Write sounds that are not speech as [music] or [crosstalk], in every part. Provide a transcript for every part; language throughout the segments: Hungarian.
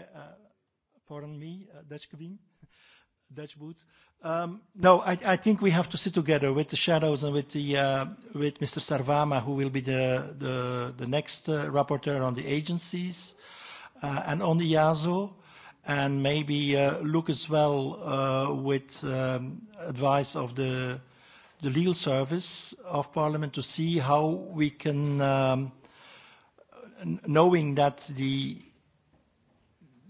uh, pardon me, uh, Dutch kabin, [laughs] Dutch boots. Um, no, I, I think we have to sit together with the shadows and with the uh, with Mr. Sarvama, who will be the the, the next uh, rapporteur on the agencies uh, and on the IASO, and maybe uh, look as well uh, with um, advice of the the legal service of Parliament to see how we can. Um, knowing that the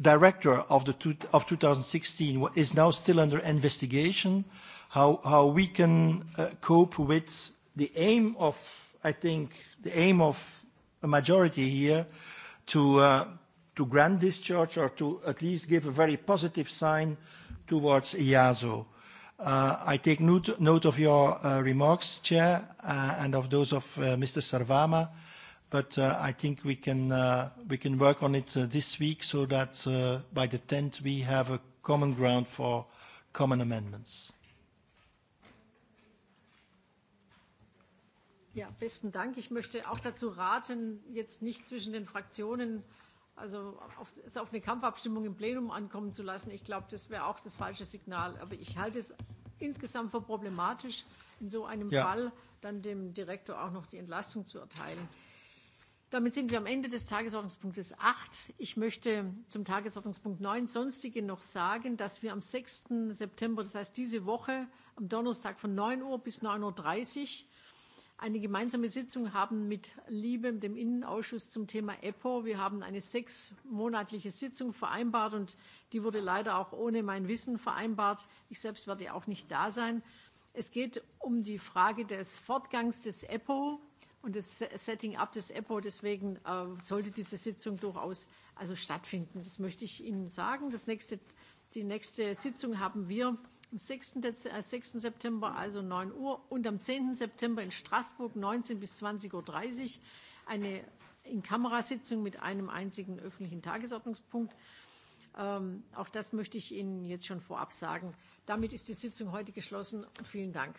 director of, the two, of 2016 is now still under investigation, how, how we can uh, cope with the aim of, I think, the aim of a majority here to, uh, to grant discharge or to at least give a very positive sign towards IASO. Uh, I take note, note of your uh, remarks, Chair, uh, and of those of uh, Mr. Sarvama but uh, I think uh, we can, work on it uh, this week so that by the 10th we have a common ground for common amendments. Ja, besten Dank. Ich möchte auch dazu raten, jetzt nicht zwischen den Fraktionen, also es auf eine Kampfabstimmung im Plenum ankommen zu lassen. Ich glaube, das wäre auch das falsche Signal. Aber ich halte es insgesamt für problematisch, in so einem Fall dann dem Direktor auch noch die Entlastung zu erteilen. Damit sind wir am Ende des Tagesordnungspunktes 8. Ich möchte zum Tagesordnungspunkt 9 Sonstige noch sagen, dass wir am 6. September, das heißt diese Woche, am Donnerstag von 9 Uhr bis 9.30 Uhr eine gemeinsame Sitzung haben mit Liebem, dem Innenausschuss zum Thema EPO. Wir haben eine sechsmonatliche Sitzung vereinbart und die wurde leider auch ohne mein Wissen vereinbart. Ich selbst werde auch nicht da sein. Es geht um die Frage des Fortgangs des EPO und das Setting up des EPO. Deswegen äh, sollte diese Sitzung durchaus also stattfinden. Das möchte ich Ihnen sagen. Das nächste, die nächste Sitzung haben wir am 6. Dez äh, 6. September, also 9 Uhr, und am 10. September in Straßburg 19 bis 20.30 Uhr eine In-Kamera-Sitzung mit einem einzigen öffentlichen Tagesordnungspunkt. Ähm, auch das möchte ich Ihnen jetzt schon vorab sagen. Damit ist die Sitzung heute geschlossen. Vielen Dank.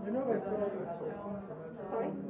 You know, I saw. Sorry?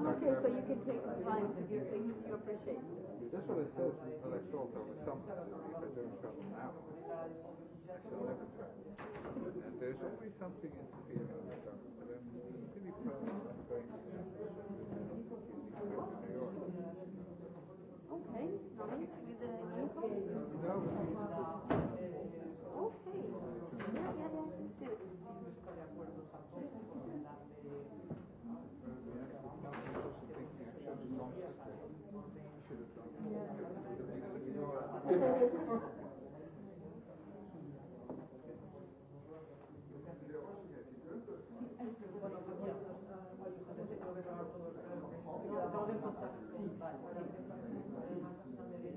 Okay, so you can take compliance if you think you appreciate That's what it says some, if I don't them And there's always something I'm really proud of going to New York. Okay, nice. With the No,